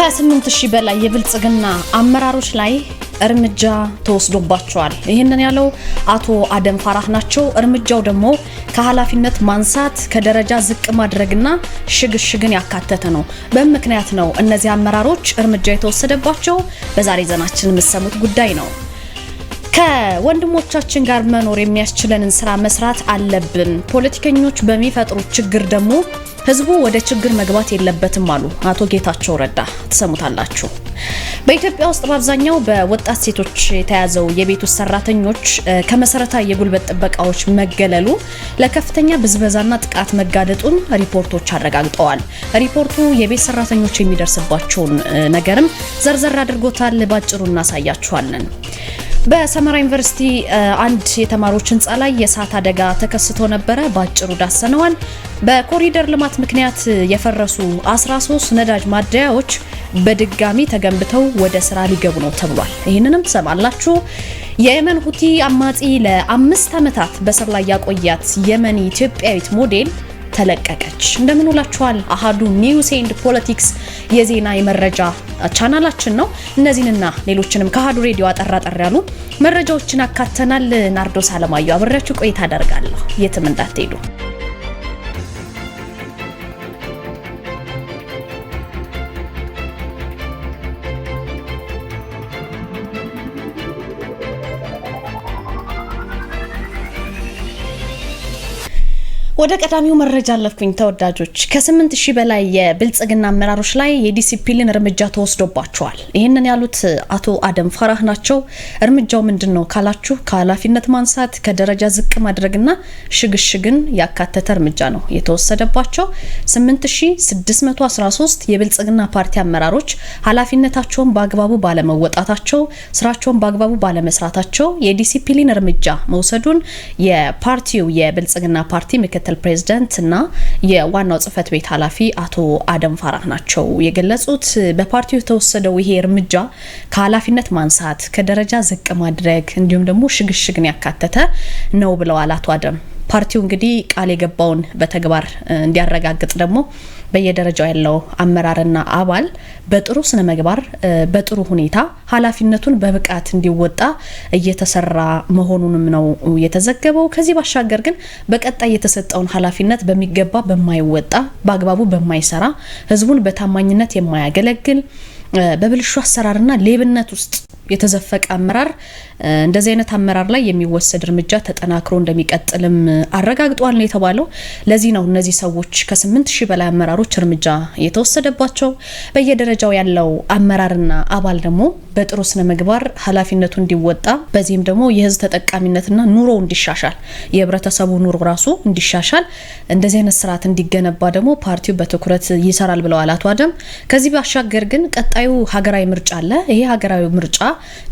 ከ8 ሺህ በላይ የብልጽግና አመራሮች ላይ እርምጃ ተወስዶባቸዋል። ይህንን ያለው አቶ አደም ፋራህ ናቸው። እርምጃው ደግሞ ከኃላፊነት ማንሳት፣ ከደረጃ ዝቅ ማድረግና ሽግሽግን ያካተተ ነው። በምክንያት ነው እነዚህ አመራሮች እርምጃ የተወሰደባቸው። በዛሬ ዘናችን የምሰሙት ጉዳይ ነው። ከወንድሞቻችን ጋር መኖር የሚያስችለንን ስራ መስራት አለብን። ፖለቲከኞች በሚፈጥሩት ችግር ደግሞ ህዝቡ ወደ ችግር መግባት የለበትም አሉ አቶ ጌታቸው ረዳ። ትሰሙታላችሁ። በኢትዮጵያ ውስጥ በአብዛኛው በወጣት ሴቶች የተያዘው የቤት ውስጥ ሰራተኞች ከመሰረታዊ የጉልበት ጥበቃዎች መገለሉ ለከፍተኛ ብዝበዛና ጥቃት መጋለጡን ሪፖርቶች አረጋግጠዋል። ሪፖርቱ የቤት ሰራተኞች የሚደርስባቸውን ነገርም ዘርዘር አድርጎታል። ባጭሩ እናሳያችኋለን። በሰመራ ዩኒቨርሲቲ አንድ የተማሪዎች ህንፃ ላይ የእሳት አደጋ ተከስቶ ነበረ። በአጭሩ ዳሰነዋል። በኮሪደር ልማት ምክንያት የፈረሱ 13 ነዳጅ ማደያዎች በድጋሚ ተገንብተው ወደ ስራ ሊገቡ ነው ተብሏል። ይህንንም ትሰማላችሁ። የየመን ሁቲ አማጺ ለአምስት ዓመታት በስር ላይ ያቆያት የመን ኢትዮጵያዊት ሞዴል ተለቀቀች። እንደምን ውላችኋል። አሃዱ ኒውስ ኤንድ ፖለቲክስ የዜና የመረጃ ቻናላችን ነው። እነዚህንና ሌሎችንም ከአሃዱ ሬዲዮ አጠር አጠር ያሉ መረጃዎችን አካተናል። ናርዶስ አለማየሁ አብሬያችሁ ቆይታ አደርጋለሁ። የትም እንዳትሄዱ። ወደ ቀዳሚው መረጃ አለፍኩኝ ተወዳጆች። ከስምንት ሺህ በላይ የብልጽግና አመራሮች ላይ የዲሲፕሊን እርምጃ ተወስዶባቸዋል። ይህንን ያሉት አቶ አደም ፈራህ ናቸው። እርምጃው ምንድን ነው ካላችሁ ከኃላፊነት ማንሳት፣ ከደረጃ ዝቅ ማድረግና ሽግሽግን ያካተተ እርምጃ ነው የተወሰደባቸው። 8613 የብልጽግና ፓርቲ አመራሮች ኃላፊነታቸውን በአግባቡ ባለመወጣታቸው፣ ስራቸውን በአግባቡ ባለመስራታቸው የዲሲፕሊን እርምጃ መውሰዱን የፓርቲው የብልጽግና ፓርቲ ምክትል ምክትል ፕሬዝደንት እና የዋናው ጽህፈት ቤት ኃላፊ አቶ አደም ፋራህ ናቸው የገለጹት። በፓርቲው የተወሰደው ይሄ እርምጃ ከኃላፊነት ማንሳት፣ ከደረጃ ዝቅ ማድረግ እንዲሁም ደግሞ ሽግሽግን ያካተተ ነው ብለዋል አቶ አደም። ፓርቲው እንግዲህ ቃል የገባውን በተግባር እንዲያረጋግጥ ደግሞ በየደረጃው ያለው አመራርና አባል በጥሩ ስነ ምግባር በጥሩ ሁኔታ ኃላፊነቱን በብቃት እንዲወጣ እየተሰራ መሆኑንም ነው የተዘገበው። ከዚህ ባሻገር ግን በቀጣይ የተሰጠውን ኃላፊነት በሚገባ በማይወጣ በአግባቡ በማይሰራ ህዝቡን በታማኝነት የማያገለግል በብልሹ አሰራርና ሌብነት ውስጥ የተዘፈቀ አመራር እንደዚህ አይነት አመራር ላይ የሚወሰድ እርምጃ ተጠናክሮ እንደሚቀጥልም አረጋግጧል ነው የተባለው። ለዚህ ነው እነዚህ ሰዎች ከስምንት ሺህ በላይ አመራሮች እርምጃ የተወሰደባቸው። በየደረጃው ያለው አመራርና አባል ደግሞ በጥሩ ስነ ምግባር ኃላፊነቱ እንዲወጣ በዚህም ደግሞ የህዝብ ተጠቃሚነትና ኑሮ እንዲሻሻል የህብረተሰቡ ኑሮ ራሱ እንዲሻሻል እንደዚህ አይነት ስርዓት እንዲገነባ ደግሞ ፓርቲው በትኩረት ይሰራል ብለዋል አቶ አደም። ከዚህ ባሻገር ግን ቀጣ ቀጣዩ ሀገራዊ ምርጫ አለ። ይሄ ሀገራዊ ምርጫ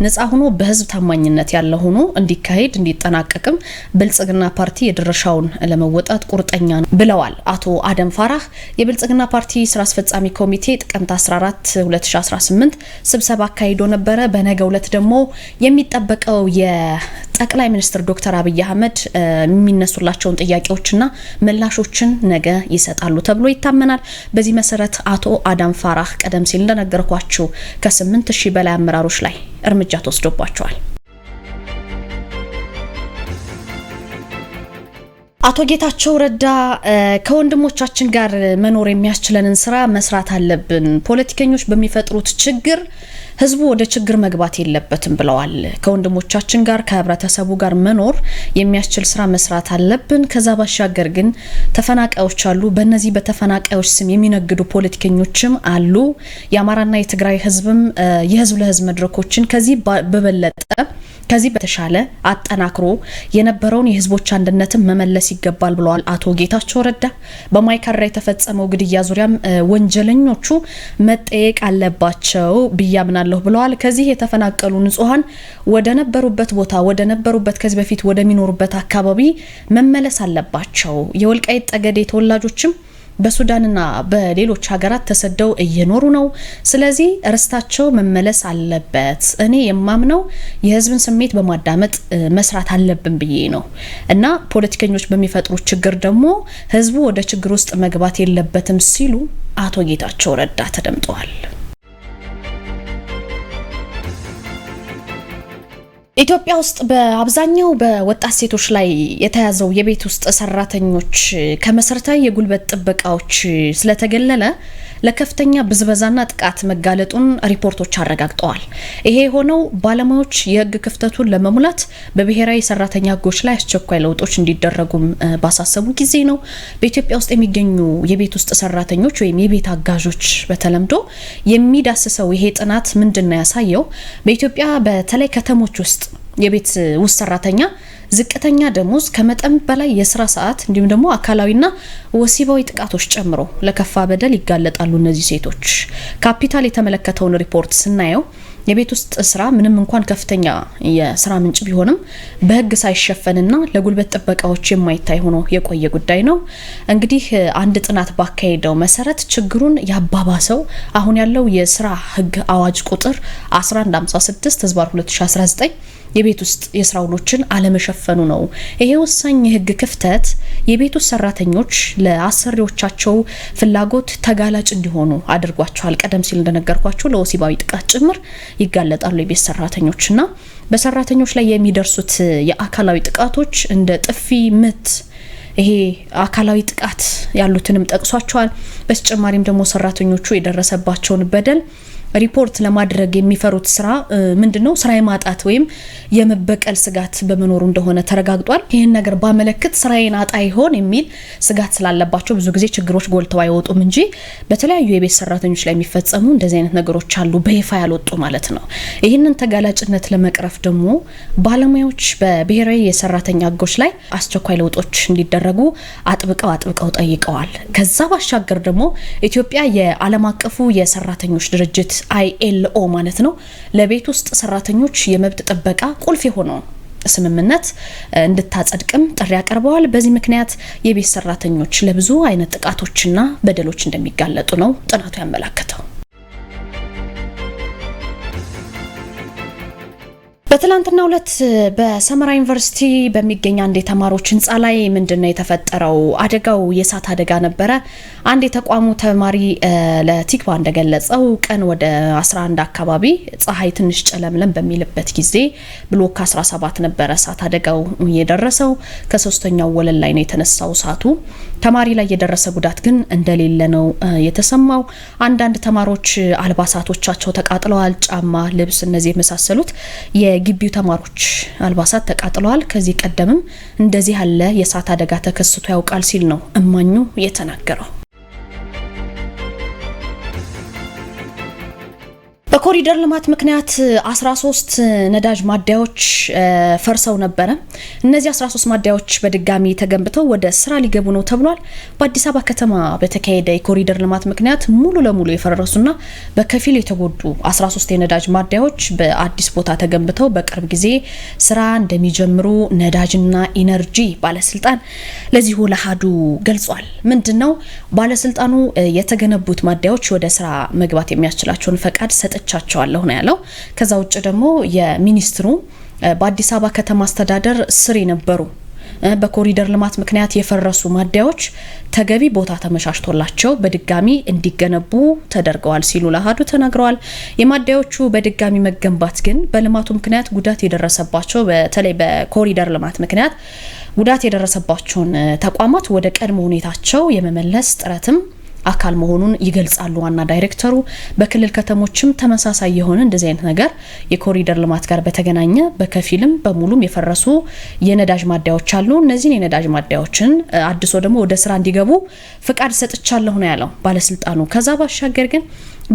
ነጻ ሆኖ በህዝብ ታማኝነት ያለ ሆኖ እንዲካሄድ እንዲጠናቀቅም ብልጽግና ፓርቲ የድርሻውን ለመወጣት ቁርጠኛ ነው ብለዋል አቶ አደም ፋራህ። የብልጽግና ፓርቲ ስራ አስፈጻሚ ኮሚቴ ጥቅምት 14 2018 ስብሰባ አካሂዶ ነበረ። በነገው ዕለት ደግሞ የሚጠበቀው ጠቅላይ ሚኒስትር ዶክተር አብይ አህመድ የሚነሱላቸውን ጥያቄዎችና ምላሾችን ነገ ይሰጣሉ ተብሎ ይታመናል። በዚህ መሰረት አቶ አዳም ፋራህ ቀደም ሲል እንደነገርኳችሁ ከ ሺህ በላይ አመራሮች ላይ እርምጃ ተወስዶባቸዋል። አቶ ጌታቸው ረዳ ከወንድሞቻችን ጋር መኖር የሚያስችለንን ስራ መስራት አለብን፣ ፖለቲከኞች በሚፈጥሩት ችግር ህዝቡ ወደ ችግር መግባት የለበትም ብለዋል። ከወንድሞቻችን ጋር ከህብረተሰቡ ጋር መኖር የሚያስችል ስራ መስራት አለብን። ከዛ ባሻገር ግን ተፈናቃዮች አሉ። በእነዚህ በተፈናቃዮች ስም የሚነግዱ ፖለቲከኞችም አሉ። የአማራና የትግራይ ህዝብም የህዝብ ለህዝብ መድረኮችን ከዚህ በበለጠ ከዚህ በተሻለ አጠናክሮ የነበረውን የህዝቦች አንድነትን መመለስ ይገባል ብለዋል አቶ ጌታቸው ረዳ። በማይካራ የተፈጸመው ግድያ ዙሪያም ወንጀለኞቹ መጠየቅ አለባቸው ብያምናለሁ ብለዋል። ከዚህ የተፈናቀሉ ንጹሐን ወደ ነበሩበት ቦታ ወደ ነበሩበት ከዚህ በፊት ወደሚኖሩበት አካባቢ መመለስ አለባቸው። የወልቃይት ጠገዴ ተወላጆችም በሱዳንና በሌሎች ሀገራት ተሰደው እየኖሩ ነው። ስለዚህ ርስታቸው መመለስ አለበት። እኔ የማምነው የህዝብን ስሜት በማዳመጥ መስራት አለብን ብዬ ነው እና ፖለቲከኞች በሚፈጥሩት ችግር ደግሞ ህዝቡ ወደ ችግር ውስጥ መግባት የለበትም ሲሉ አቶ ጌታቸው ረዳ ተደምጠዋል። ኢትዮጵያ ውስጥ በአብዛኛው በወጣት ሴቶች ላይ የተያዘው የቤት ውስጥ ሰራተኞች ከመሰረታዊ የጉልበት ጥበቃዎች ስለተገለለ ለከፍተኛ ብዝበዛና ጥቃት መጋለጡን ሪፖርቶች አረጋግጠዋል። ይሄ የሆነው ባለሙያዎች የህግ ክፍተቱን ለመሙላት በብሔራዊ ሰራተኛ ህጎች ላይ አስቸኳይ ለውጦች እንዲደረጉም ባሳሰቡ ጊዜ ነው። በኢትዮጵያ ውስጥ የሚገኙ የቤት ውስጥ ሰራተኞች ወይም የቤት አጋዦች በተለምዶ የሚዳስሰው ይሄ ጥናት ምንድን ነው ያሳየው? በኢትዮጵያ በተለይ ከተሞች ውስጥ የቤት ውስጥ ሰራተኛ ዝቅተኛ ደሞዝ፣ ከመጠን በላይ የስራ ሰዓት እንዲሁም ደግሞ አካላዊና ወሲባዊ ጥቃቶች ጨምሮ ለከፋ በደል ይጋለጣሉ እነዚህ ሴቶች። ካፒታል የተመለከተውን ሪፖርት ስናየው የቤት ውስጥ ስራ ምንም እንኳን ከፍተኛ የስራ ምንጭ ቢሆንም በህግ ሳይሸፈንና ለጉልበት ጥበቃዎች የማይታይ ሆኖ የቆየ ጉዳይ ነው። እንግዲህ አንድ ጥናት ባካሄደው መሰረት ችግሩን ያባባሰው አሁን ያለው የስራ ህግ አዋጅ ቁጥር 1156 ህዝባር 2019 የቤት ውስጥ የስራ ውሎችን አለመሸፈኑ ነው። ይሄ ወሳኝ የህግ ክፍተት የቤት ውስጥ ሰራተኞች ለአሰሪዎቻቸው ፍላጎት ተጋላጭ እንዲሆኑ አድርጓቸዋል። ቀደም ሲል እንደነገርኳቸው ለወሲባዊ ጥቃት ጭምር ይጋለጣሉ የቤት ሰራተኞችና በሰራተኞች ላይ የሚደርሱት የአካላዊ ጥቃቶች እንደ ጥፊ፣ ምት ይሄ አካላዊ ጥቃት ያሉትንም ጠቅሷቸዋል። በተጨማሪም ደግሞ ሰራተኞቹ የደረሰባቸውን በደል ሪፖርት ለማድረግ የሚፈሩት ስራ ምንድን ነው? ስራ የማጣት ወይም የመበቀል ስጋት በመኖሩ እንደሆነ ተረጋግጧል። ይህን ነገር ባመለክት ስራዬን አጣ ይሆን የሚል ስጋት ስላለባቸው ብዙ ጊዜ ችግሮች ጎልተው አይወጡም እንጂ በተለያዩ የቤት ሰራተኞች ላይ የሚፈጸሙ እንደዚህ አይነት ነገሮች አሉ፣ በይፋ ያልወጡ ማለት ነው። ይህንን ተጋላጭነት ለመቅረፍ ደግሞ ባለሙያዎች በብሔራዊ የሰራተኛ ህጎች ላይ አስቸኳይ ለውጦች እንዲደረጉ አጥብቀው አጥብቀው ጠይቀዋል። ከዛ ባሻገር ደግሞ ኢትዮጵያ የዓለም አቀፉ የሰራተኞች ድርጅት አይኤልኦ ማለት ነው ለቤት ውስጥ ሰራተኞች የመብት ጥበቃ ቁልፍ የሆነው ስምምነት እንድታጸድቅም ጥሪ ያቀርበዋል በዚህ ምክንያት የቤት ሰራተኞች ለብዙ አይነት ጥቃቶችና በደሎች እንደሚጋለጡ ነው ጥናቱ ያመላከተው። በትላንትና ሁለት በሰመራ ዩኒቨርሲቲ በሚገኝ አንድ የተማሪዎች ህንፃ ላይ ምንድነው የተፈጠረው? አደጋው የእሳት አደጋ ነበረ። አንድ የተቋሙ ተማሪ ለቲክባ እንደገለጸው ቀን ወደ 11 አካባቢ ፀሐይ ትንሽ ጨለምለም በሚልበት ጊዜ ብሎክ 17 ነበረ እሳት አደጋው የደረሰው። ከሶስተኛው ወለል ላይ ነው የተነሳው እሳቱ። ተማሪ ላይ የደረሰ ጉዳት ግን እንደሌለ ነው የተሰማው። አንዳንድ ተማሪዎች አልባሳቶቻቸው ተቃጥለዋል። ጫማ፣ ልብስ፣ እነዚህ የመሳሰሉት የግቢው ተማሪዎች አልባሳት ተቃጥለዋል። ከዚህ ቀደምም እንደዚህ ያለ የእሳት አደጋ ተከስቶ ያውቃል ሲል ነው እማኙ የተናገረው። በኮሪደር ልማት ምክንያት 13 ነዳጅ ማደያዎች ፈርሰው ነበረ። እነዚህ 13 ማደያዎች በድጋሚ ተገንብተው ወደ ስራ ሊገቡ ነው ተብሏል። በአዲስ አበባ ከተማ በተካሄደ የኮሪደር ልማት ምክንያት ሙሉ ለሙሉ የፈረሱና በከፊል የተጎዱ 13 የነዳጅ ማደያዎች በአዲስ ቦታ ተገንብተው በቅርብ ጊዜ ስራ እንደሚጀምሩ ነዳጅና ኢነርጂ ባለስልጣን ለዚሁ ለአሀዱ ገልጿል። ምንድን ነው ባለስልጣኑ የተገነቡት ማደያዎች ወደ ስራ መግባት የሚያስችላቸውን ፈቃድ ሰጥቻ አመቻቻቸዋለሁ ነው ያለው። ከዛ ውጭ ደግሞ የሚኒስትሩ በአዲስ አበባ ከተማ አስተዳደር ስር የነበሩ በኮሪደር ልማት ምክንያት የፈረሱ ማደያዎች ተገቢ ቦታ ተመቻችቶላቸው በድጋሚ እንዲገነቡ ተደርገዋል ሲሉ ለአሀዱ ተናግረዋል። የማደያዎቹ በድጋሚ መገንባት ግን በልማቱ ምክንያት ጉዳት የደረሰባቸው በተለይ በኮሪደር ልማት ምክንያት ጉዳት የደረሰባቸውን ተቋማት ወደ ቀድሞ ሁኔታቸው የመመለስ ጥረትም አካል መሆኑን ይገልጻሉ። ዋና ዳይሬክተሩ በክልል ከተሞችም ተመሳሳይ የሆነ እንደዚህ አይነት ነገር የኮሪደር ልማት ጋር በተገናኘ በከፊልም በሙሉም የፈረሱ የነዳጅ ማደያዎች አሉ። እነዚህን የነዳጅ ማደያዎችን አድሶ ደግሞ ወደ ስራ እንዲገቡ ፍቃድ ሰጥቻለሁ ነው ያለው ባለስልጣኑ። ከዛ ባሻገር ግን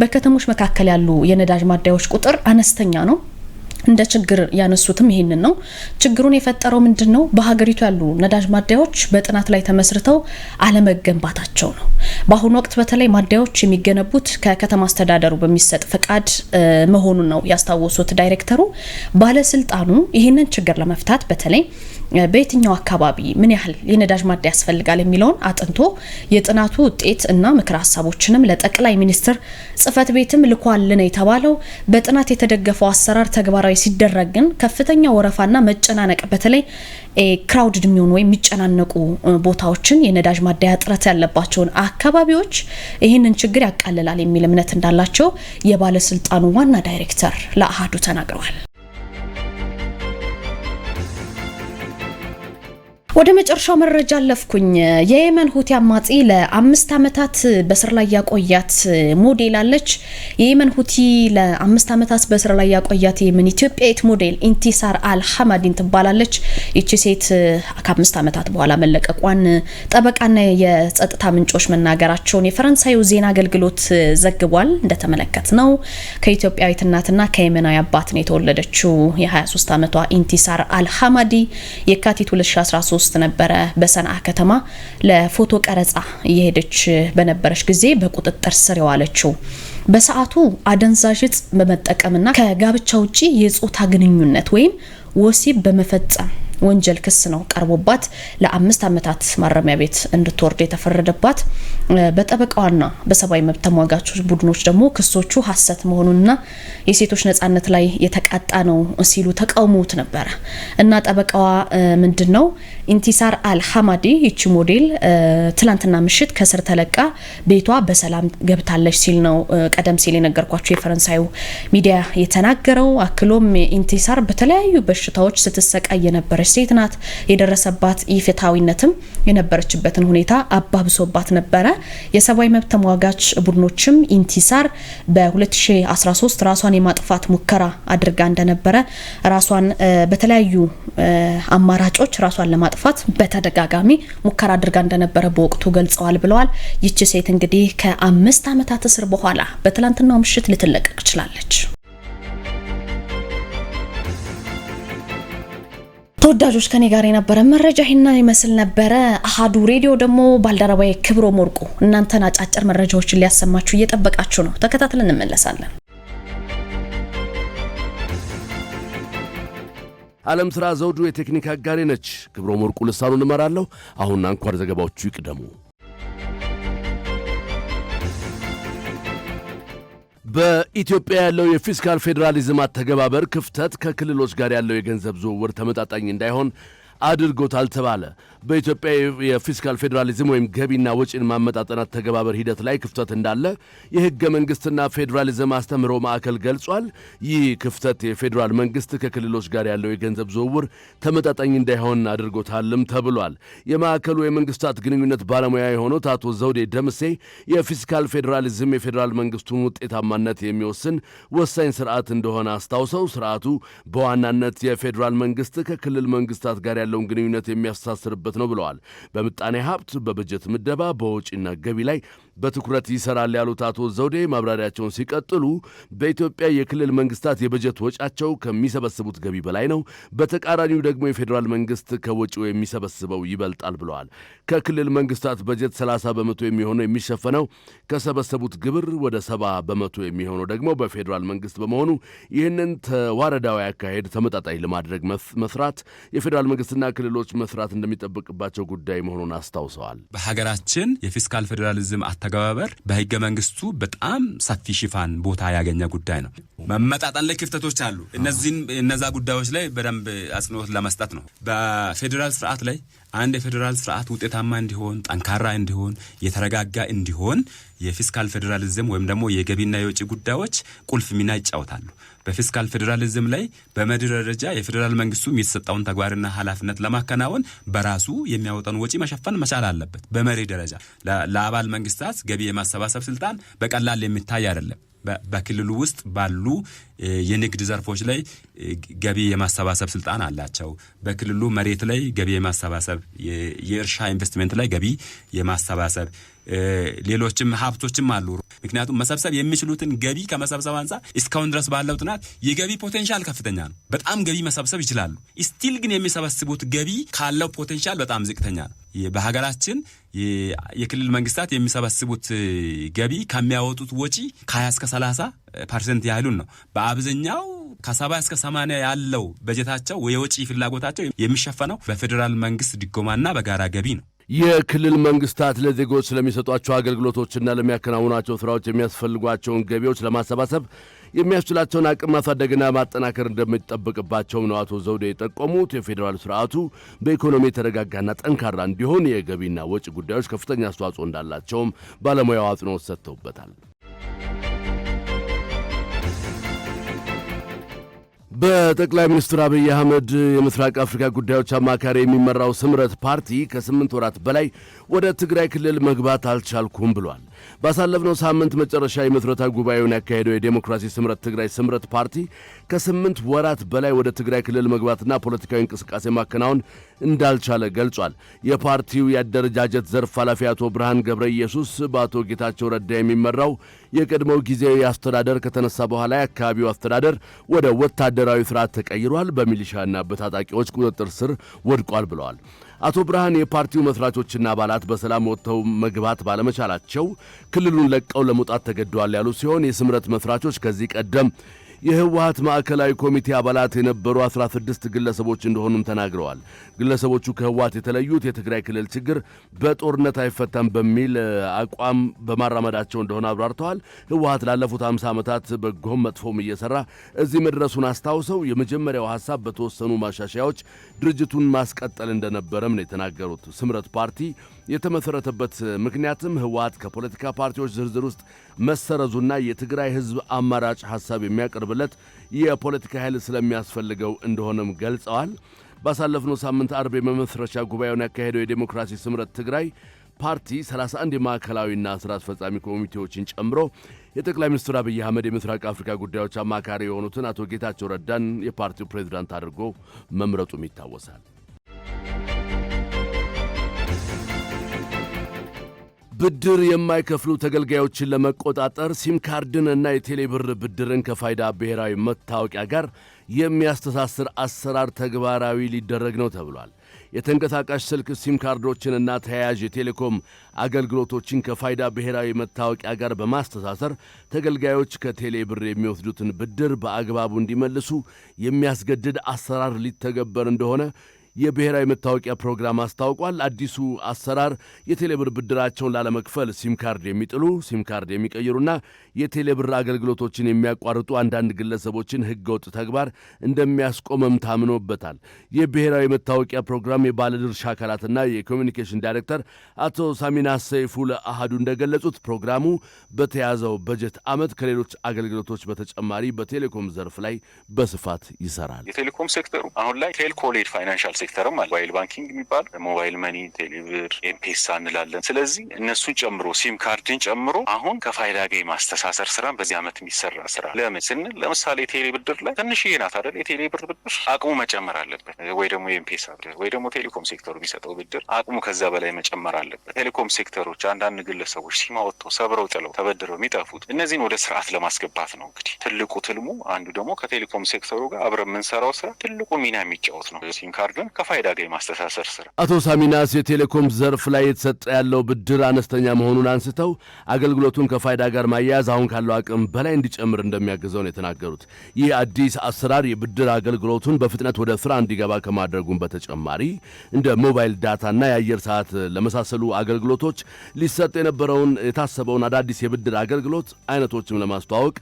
በከተሞች መካከል ያሉ የነዳጅ ማደያዎች ቁጥር አነስተኛ ነው። እንደ ችግር ያነሱትም ይህንን ነው። ችግሩን የፈጠረው ምንድን ነው? በሀገሪቱ ያሉ ነዳጅ ማደያዎች በጥናት ላይ ተመስርተው አለመገንባታቸው ነው። በአሁኑ ወቅት በተለይ ማደያዎች የሚገነቡት ከከተማ አስተዳደሩ በሚሰጥ ፈቃድ መሆኑን ነው ያስታወሱት ዳይሬክተሩ። ባለስልጣኑ ይህንን ችግር ለመፍታት በተለይ በየትኛው አካባቢ ምን ያህል የነዳጅ ማዳ ያስፈልጋል የሚለውን አጥንቶ የጥናቱ ውጤት እና ምክር ሀሳቦችንም ለጠቅላይ ሚኒስትር ጽህፈት ቤትም ልኳል ነው የተባለው። በጥናት የተደገፈው አሰራር ተግባራዊ ሲደረግ ግን ከፍተኛ ወረፋና መጨናነቅ በተለይ ክራውድድ የሚሆኑ ወይም የሚጨናነቁ ቦታዎችን የነዳጅ ማደያ እጥረት ያለባቸውን አካባቢዎች ይህንን ችግር ያቃልላል የሚል እምነት እንዳላቸው የባለስልጣኑ ዋና ዳይሬክተር ለአህዱ ተናግረዋል። ወደ መጨረሻው መረጃ አለፍኩኝ። የየመን ሁቲ አማጺ ለአምስት ዓመታት በስር ላይ ያቆያት ሞዴል አለች። የየመን ሁቲ ለአምስት ዓመታት በስር ላይ ያቆያት የየመን ኢትዮጵያዊት ሞዴል ኢንቲሳር አልሐማዲን ትባላለች። ይቺ ሴት ከአምስት ዓመታት በኋላ መለቀቋን ጠበቃና የጸጥታ ምንጮች መናገራቸውን የፈረንሳዩ ዜና አገልግሎት ዘግቧል። እንደተመለከት ነው ከኢትዮጵያዊት እናትና ከየመናዊ አባት ነው የተወለደችው። የ23 ዓመቷ ኢንቲሳር አልሐማዲ የካቲት 2013 ሶስት ነበረ በሰንአ ከተማ ለፎቶ ቀረጻ እየሄደች በነበረች ጊዜ በቁጥጥር ስር የዋለችው። በሰዓቱ አደንዛዥ እጽ በመጠቀምና ከጋብቻ ውጪ የጾታ ግንኙነት ወይም ወሲብ በመፈጸም ወንጀል ክስ ነው ቀርቦባት ለአምስት ዓመታት ማረሚያ ቤት እንድትወርድ የተፈረደባት በጠበቃዋና በሰብአዊ መብት ተሟጋቾች ቡድኖች ደግሞ ክሶቹ ሀሰት መሆኑንና የሴቶች ነጻነት ላይ የተቃጣ ነው ሲሉ ተቃውሞት ነበረ እና ጠበቃዋ ምንድን ነው ኢንቲሳር አልሐማዲ ይቺ ሞዴል ትላንትና ምሽት ከስር ተለቃ ቤቷ በሰላም ገብታለች ሲል ነው ቀደም ሲል የነገርኳቸው የፈረንሳዩ ሚዲያ የተናገረው። አክሎም ኢንቲሳር በተለያዩ በሽታዎች ስትሰቃይ የነበረች ሴት ናት። የደረሰባት ኢፍትሐዊነትም የነበረችበትን ሁኔታ አባብሶባት ነበረ። የሰብአዊ መብት ተሟጋች ቡድኖችም ኢንቲሳር በ2013 ራሷን የማጥፋት ሙከራ አድርጋ እንደነበረ ራሷን በተለያዩ አማራጮች ራሷን ለማጥፋት በተደጋጋሚ ሙከራ አድርጋ እንደነበረ በወቅቱ ገልጸዋል ብለዋል። ይቺ ሴት እንግዲህ ከአምስት ዓመታት እስር በኋላ በትላንትናው ምሽት ልትለቀቅ ችላለች። ተወዳጆች ከኔ ጋር የነበረ መረጃ ይህን ይመስል ነበረ። አሃዱ ሬዲዮ ደግሞ ባልደረባዬ ክብሮ ሞርቁ እናንተን አጫጭር መረጃዎችን ሊያሰማችሁ እየጠበቃችሁ ነው። ተከታትለን እንመለሳለን። ዓለም ስራ ዘውዱ የቴክኒክ አጋሬ ነች። ክብሮ ሞርቁ ልሳኑን እመራለሁ። አሁን አንኳር ዘገባዎቹ ይቅደሙ። በኢትዮጵያ ያለው የፊስካል ፌዴራሊዝም አተገባበር ክፍተት ከክልሎች ጋር ያለው የገንዘብ ዝውውር ተመጣጣኝ እንዳይሆን አድርጎታል ተባለ። በኢትዮጵያ የፊስካል ፌዴራሊዝም ወይም ገቢና ወጪን ማመጣጠናት ተገባበር ሂደት ላይ ክፍተት እንዳለ የህገ መንግስትና ፌዴራሊዝም አስተምህሮ ማዕከል ገልጿል። ይህ ክፍተት የፌዴራል መንግስት ከክልሎች ጋር ያለው የገንዘብ ዝውውር ተመጣጣኝ እንዳይሆን አድርጎታልም ተብሏል። የማዕከሉ የመንግስታት ግንኙነት ባለሙያ የሆኑት አቶ ዘውዴ ደምሴ የፊስካል ፌዴራሊዝም የፌዴራል መንግስቱን ውጤታማነት የሚወስን ወሳኝ ስርዓት እንደሆነ አስታውሰው ስርዓቱ በዋናነት የፌዴራል መንግስት ከክልል መንግስታት ጋር ያለውን ግንኙነት የሚያስተሳስርበት ነው ብለዋል። በምጣኔ ሀብት፣ በበጀት ምደባ፣ በወጪና ገቢ ላይ በትኩረት ይሰራል ያሉት አቶ ዘውዴ ማብራሪያቸውን ሲቀጥሉ በኢትዮጵያ የክልል መንግስታት የበጀት ወጫቸው ከሚሰበስቡት ገቢ በላይ ነው። በተቃራኒው ደግሞ የፌዴራል መንግስት ከወጪው የሚሰበስበው ይበልጣል ብለዋል። ከክልል መንግስታት በጀት 30 በመቶ የሚሆነው የሚሸፈነው ከሰበሰቡት ግብር ወደ 70 በመቶ የሚሆነው ደግሞ በፌዴራል መንግስት በመሆኑ ይህንን ተዋረዳዊ አካሄድ ተመጣጣኝ ለማድረግ መስራት የፌዴራል መንግስትና ክልሎች መስራት እንደሚጠበቅባቸው ጉዳይ መሆኑን አስታውሰዋል። በሀገራችን የፊስካል ፌዴራሊዝም አገባበር በህገ መንግስቱ በጣም ሰፊ ሽፋን ቦታ ያገኘ ጉዳይ ነው። መመጣጠን ላይ ክፍተቶች አሉ። እነዚህን እነዛ ጉዳዮች ላይ በደንብ አጽንኦት ለመስጠት ነው። በፌዴራል ስርዓት ላይ አንድ የፌዴራል ስርዓት ውጤታማ እንዲሆን፣ ጠንካራ እንዲሆን፣ የተረጋጋ እንዲሆን የፊስካል ፌዴራሊዝም ወይም ደግሞ የገቢና የውጭ ጉዳዮች ቁልፍ ሚና ይጫወታሉ። በፊስካል ፌዴራሊዝም ላይ በመድር ደረጃ የፌዴራል መንግስቱ የተሰጠውን ተግባርና ኃላፊነት ለማከናወን በራሱ የሚያወጣውን ወጪ መሸፈን መቻል አለበት። በመሪ ደረጃ ለአባል መንግስታት ገቢ የማሰባሰብ ስልጣን በቀላል የሚታይ አይደለም። በክልሉ ውስጥ ባሉ የንግድ ዘርፎች ላይ ገቢ የማሰባሰብ ስልጣን አላቸው። በክልሉ መሬት ላይ ገቢ የማሰባሰብ የእርሻ ኢንቨስትመንት ላይ ገቢ የማሰባሰብ ሌሎችም ሀብቶችም አሉ። ምክንያቱም መሰብሰብ የሚችሉትን ገቢ ከመሰብሰብ አንጻር እስካሁን ድረስ ባለው ጥናት የገቢ ፖቴንሻል ከፍተኛ ነው። በጣም ገቢ መሰብሰብ ይችላሉ። ስቲል ግን የሚሰበስቡት ገቢ ካለው ፖቴንሻል በጣም ዝቅተኛ ነው። በሀገራችን የክልል መንግስታት የሚሰበስቡት ገቢ ከሚያወጡት ወጪ ከ20 እስከ 30 ፐርሰንት ያህሉን ነው። በአብዛኛው ከሰባ እስከ ሰማንያ ያለው በጀታቸው የወጪ ፍላጎታቸው የሚሸፈነው በፌዴራል መንግስት ድጎማና በጋራ ገቢ ነው። የክልል መንግስታት ለዜጎች ስለሚሰጧቸው አገልግሎቶችና ለሚያከናውናቸው ስራዎች የሚያስፈልጓቸውን ገቢዎች ለማሰባሰብ የሚያስችላቸውን አቅም ማሳደግና ማጠናከር እንደሚጠበቅባቸውም ነው አቶ ዘውዴ የጠቆሙት። የፌዴራል ስርዓቱ በኢኮኖሚ የተረጋጋና ጠንካራ እንዲሆን የገቢና ወጪ ጉዳዮች ከፍተኛ አስተዋጽኦ እንዳላቸውም ባለሙያው አጽንኦት ሰጥተውበታል። በጠቅላይ ሚኒስትር አብይ አህመድ የምስራቅ አፍሪካ ጉዳዮች አማካሪ የሚመራው ስምረት ፓርቲ ከስምንት ወራት በላይ ወደ ትግራይ ክልል መግባት አልቻልኩም ብሏል። ባሳለፍነው ሳምንት መጨረሻ የምስረታ ጉባኤውን ያካሄደው የዴሞክራሲ ስምረት ትግራይ ስምረት ፓርቲ ከስምንት ወራት በላይ ወደ ትግራይ ክልል መግባትና ፖለቲካዊ እንቅስቃሴ ማከናወን እንዳልቻለ ገልጿል። የፓርቲው የአደረጃጀት ዘርፍ ኃላፊ አቶ ብርሃን ገብረ ኢየሱስ በአቶ ጌታቸው ረዳ የሚመራው የቀድሞው ጊዜያዊ አስተዳደር ከተነሳ በኋላ የአካባቢው አስተዳደር ወደ ወታደራዊ ስርዓት ተቀይሯል፣ በሚሊሻና በታጣቂዎች ቁጥጥር ስር ወድቋል ብለዋል። አቶ ብርሃን የፓርቲው መስራቾችና አባላት በሰላም ወጥተው መግባት ባለመቻላቸው ክልሉን ለቀው ለመውጣት ተገደዋል ያሉ ሲሆን የስምረት መስራቾች ከዚህ ቀደም የህወሀት ማዕከላዊ ኮሚቴ አባላት የነበሩ 16 ግለሰቦች እንደሆኑም ተናግረዋል። ግለሰቦቹ ከህወሀት የተለዩት የትግራይ ክልል ችግር በጦርነት አይፈታም በሚል አቋም በማራመዳቸው እንደሆነ አብራርተዋል። ህወሀት ላለፉት 50 ዓመታት በጎም መጥፎም እየሰራ እዚህ መድረሱን አስታውሰው የመጀመሪያው ሀሳብ በተወሰኑ ማሻሻያዎች ድርጅቱን ማስቀጠል እንደነበረም ነው የተናገሩት። ስምረት ፓርቲ የተመሰረተበት ምክንያትም ህወሓት ከፖለቲካ ፓርቲዎች ዝርዝር ውስጥ መሰረዙና የትግራይ ህዝብ አማራጭ ሀሳብ የሚያቀርብለት የፖለቲካ ኃይል ስለሚያስፈልገው እንደሆነም ገልጸዋል። ባሳለፍነው ሳምንት አርብ የመመስረቻ ጉባኤውን ያካሄደው የዴሞክራሲ ስምረት ትግራይ ፓርቲ 31 የማዕከላዊና ስራ አስፈጻሚ ኮሚቴዎችን ጨምሮ የጠቅላይ ሚኒስትር አብይ አህመድ የምስራቅ አፍሪካ ጉዳዮች አማካሪ የሆኑትን አቶ ጌታቸው ረዳን የፓርቲው ፕሬዝዳንት አድርጎ መምረጡም ይታወሳል። ብድር የማይከፍሉ ተገልጋዮችን ለመቆጣጠር ሲም ካርድን እና የቴሌብር ብድርን ከፋይዳ ብሔራዊ መታወቂያ ጋር የሚያስተሳስር አሰራር ተግባራዊ ሊደረግ ነው ተብሏል። የተንቀሳቃሽ ስልክ ሲም ካርዶችን እና ተያያዥ የቴሌኮም አገልግሎቶችን ከፋይዳ ብሔራዊ መታወቂያ ጋር በማስተሳሰር ተገልጋዮች ከቴሌ ብር የሚወስዱትን ብድር በአግባቡ እንዲመልሱ የሚያስገድድ አሰራር ሊተገበር እንደሆነ የብሔራዊ መታወቂያ ፕሮግራም አስታውቋል። አዲሱ አሰራር የቴሌብር ብድራቸውን ላለመክፈል ሲም ካርድ የሚጥሉ ሲም ካርድ የሚቀይሩና የቴሌብር አገልግሎቶችን የሚያቋርጡ አንዳንድ ግለሰቦችን ህገወጥ ተግባር እንደሚያስቆመም ታምኖበታል። የብሔራዊ መታወቂያ ፕሮግራም የባለድርሻ አካላትና የኮሚኒኬሽን ዳይሬክተር አቶ ሳሚና ሰይፉ ለአሃዱ እንደገለጹት ፕሮግራሙ በተያዘው በጀት ዓመት ከሌሎች አገልግሎቶች በተጨማሪ በቴሌኮም ዘርፍ ላይ በስፋት ይሰራል። የቴሌኮም ሴክተሩ አሁን ላይ ቴልኮሌድ ፋይናንሻል ሴክተርም አለ። ሞባይል ባንኪንግ የሚባል ሞባይል መኒ፣ ቴሌብር፣ ኤምፔሳ እንላለን። ስለዚህ እነሱን ጨምሮ ሲም ካርድን ጨምሮ አሁን ከፋይዳ ጋር የማስተሳሰር ስራ በዚህ ዓመት የሚሰራ ስራ ለምን ስንል ለምሳሌ ቴሌ ብድር ላይ ትንሽዬ ናት አይደል? የቴሌ ብር ብድር አቅሙ መጨመር አለበት ወይ ደግሞ የኤምፔሳ ብድር ወይ ደግሞ ቴሌኮም ሴክተሩ የሚሰጠው ብድር አቅሙ ከዛ በላይ መጨመር አለበት። ቴሌኮም ሴክተሮች አንዳንድ ግለሰቦች ሲማ ወጥቶ ሰብረው ጥለው ተበድረው የሚጠፉት እነዚህን ወደ ስርዓት ለማስገባት ነው። እንግዲህ ትልቁ ትልሙ አንዱ ደግሞ ከቴሌኮም ሴክተሩ ጋር አብረ የምንሰራው ስራ ትልቁ ሚና የሚጫወት ነው። ሲም ካርድን ከፋይዳ ጋር የማስተሳሰር ስራ። አቶ ሳሚናስ የቴሌኮም ዘርፍ ላይ የተሰጠ ያለው ብድር አነስተኛ መሆኑን አንስተው አገልግሎቱን ከፋይዳ ጋር ማያያዝ አሁን ካለው አቅም በላይ እንዲጨምር እንደሚያግዘው ነው የተናገሩት። ይህ አዲስ አሰራር የብድር አገልግሎቱን በፍጥነት ወደ ስራ እንዲገባ ከማድረጉን በተጨማሪ እንደ ሞባይል ዳታና የአየር ሰዓት ለመሳሰሉ አገልግሎቶች ሊሰጥ የነበረውን የታሰበውን አዳዲስ የብድር አገልግሎት አይነቶችም ለማስተዋወቅ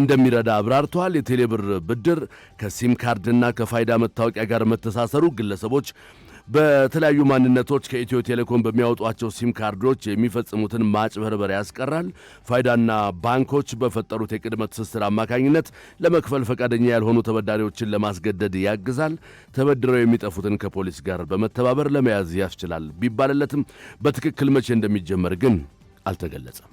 እንደሚረዳ አብራርተዋል። የቴሌብር ብድር ከሲም ካርድና ከፋይዳ መታወቂያ ጋር መተሳሰሩ ግለሰቦች በተለያዩ ማንነቶች ከኢትዮ ቴሌኮም በሚያወጧቸው ሲም ካርዶች የሚፈጽሙትን ማጭበርበር ያስቀራል። ፋይዳና ባንኮች በፈጠሩት የቅድመ ትስስር አማካኝነት ለመክፈል ፈቃደኛ ያልሆኑ ተበዳሪዎችን ለማስገደድ ያግዛል። ተበድረው የሚጠፉትን ከፖሊስ ጋር በመተባበር ለመያዝ ያስችላል ቢባልለትም በትክክል መቼ እንደሚጀመር ግን አልተገለጸም።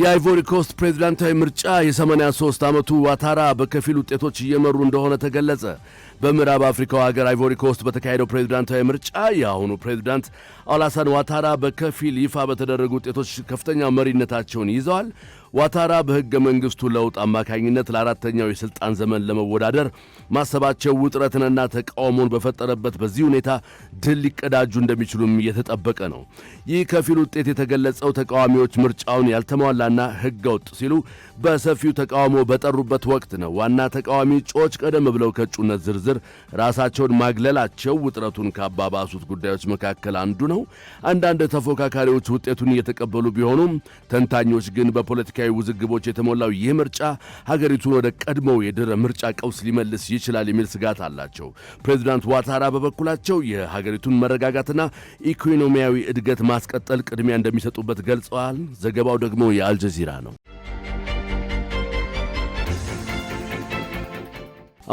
የአይቮሪ ኮስት ፕሬዚዳንታዊ ምርጫ የ83 ዓመቱ ዋታራ በከፊል ውጤቶች እየመሩ እንደሆነ ተገለጸ። በምዕራብ አፍሪካው ሀገር አይቮሪ ኮስት በተካሄደው ፕሬዚዳንታዊ ምርጫ የአሁኑ ፕሬዚዳንት አላሳን ዋታራ በከፊል ይፋ በተደረጉ ውጤቶች ከፍተኛ መሪነታቸውን ይዘዋል። ዋታራ በሕገ መንግሥቱ ለውጥ አማካኝነት ለአራተኛው የሥልጣን ዘመን ለመወዳደር ማሰባቸው ውጥረትንና ተቃውሞን በፈጠረበት በዚህ ሁኔታ ድል ሊቀዳጁ እንደሚችሉም እየተጠበቀ ነው። ይህ ከፊል ውጤት የተገለጸው ተቃዋሚዎች ምርጫውን ያልተሟላና ሕገ ወጥ ሲሉ በሰፊው ተቃውሞ በጠሩበት ወቅት ነው። ዋና ተቃዋሚ እጩዎች ቀደም ብለው ከእጩነት ዝርዝር ዝርዝር ራሳቸውን ማግለላቸው ውጥረቱን ካባባሱት ጉዳዮች መካከል አንዱ ነው። አንዳንድ ተፎካካሪዎች ውጤቱን እየተቀበሉ ቢሆኑም ተንታኞች ግን በፖለቲካዊ ውዝግቦች የተሞላው ይህ ምርጫ ሀገሪቱን ወደ ቀድሞው የድህረ ምርጫ ቀውስ ሊመልስ ይችላል የሚል ስጋት አላቸው። ፕሬዚዳንት ዋታራ በበኩላቸው የሀገሪቱን መረጋጋትና ኢኮኖሚያዊ እድገት ማስቀጠል ቅድሚያ እንደሚሰጡበት ገልጸዋል። ዘገባው ደግሞ የአልጀዚራ ነው።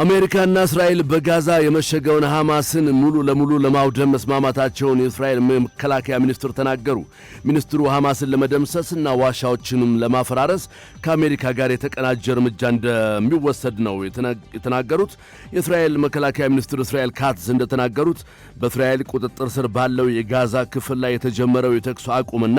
አሜሪካና እስራኤል በጋዛ የመሸገውን ሐማስን ሙሉ ለሙሉ ለማውደም መስማማታቸውን የእስራኤል መከላከያ ሚኒስትር ተናገሩ። ሚኒስትሩ ሐማስን ለመደምሰስና ዋሻዎችንም ለማፈራረስ ከአሜሪካ ጋር የተቀናጀ እርምጃ እንደሚወሰድ ነው የተናገሩት። የእስራኤል መከላከያ ሚኒስትር እስራኤል ካትዝ እንደተናገሩት በእስራኤል ቁጥጥር ስር ባለው የጋዛ ክፍል ላይ የተጀመረው የተኩስ አቁምና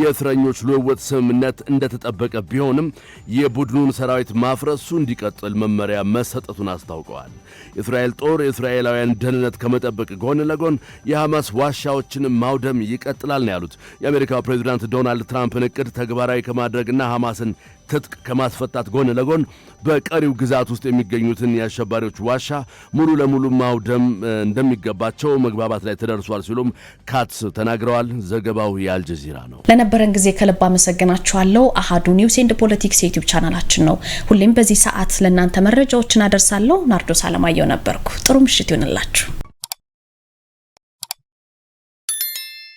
የእስረኞች ልውውጥ ስምምነት እንደተጠበቀ ቢሆንም የቡድኑን ሰራዊት ማፍረሱ እንዲቀጥል መመሪያ መሰጠቱን አስታውቀዋል። የእስራኤል ጦር የእስራኤላውያን ደህንነት ከመጠበቅ ጎን ለጎን የሐማስ ዋሻዎችን ማውደም ይቀጥላል ነው ያሉት። የአሜሪካው ፕሬዚዳንት ዶናልድ ትራምፕን እቅድ ተግባራዊ ከማድረግና ሐማስን ትጥቅ ከማስፈታት ጎን ለጎን በቀሪው ግዛት ውስጥ የሚገኙትን የአሸባሪዎች ዋሻ ሙሉ ለሙሉ ማውደም እንደሚገባቸው መግባባት ላይ ተደርሷል ሲሉም ካትስ ተናግረዋል። ዘገባው የአልጀዚራ ነው። ለነበረን ጊዜ ከልብ አመሰግናችኋለሁ። አሀዱ ኒውስ ኤንድ ፖለቲክስ የዩቲዩብ ቻናላችን ነው። ሁሌም በዚህ ሰዓት ለእናንተ መረጃዎችን አደርሳለሁ። ናርዶስ አለማየሁ ነበርኩ። ጥሩ ምሽት ይሆንላችሁ።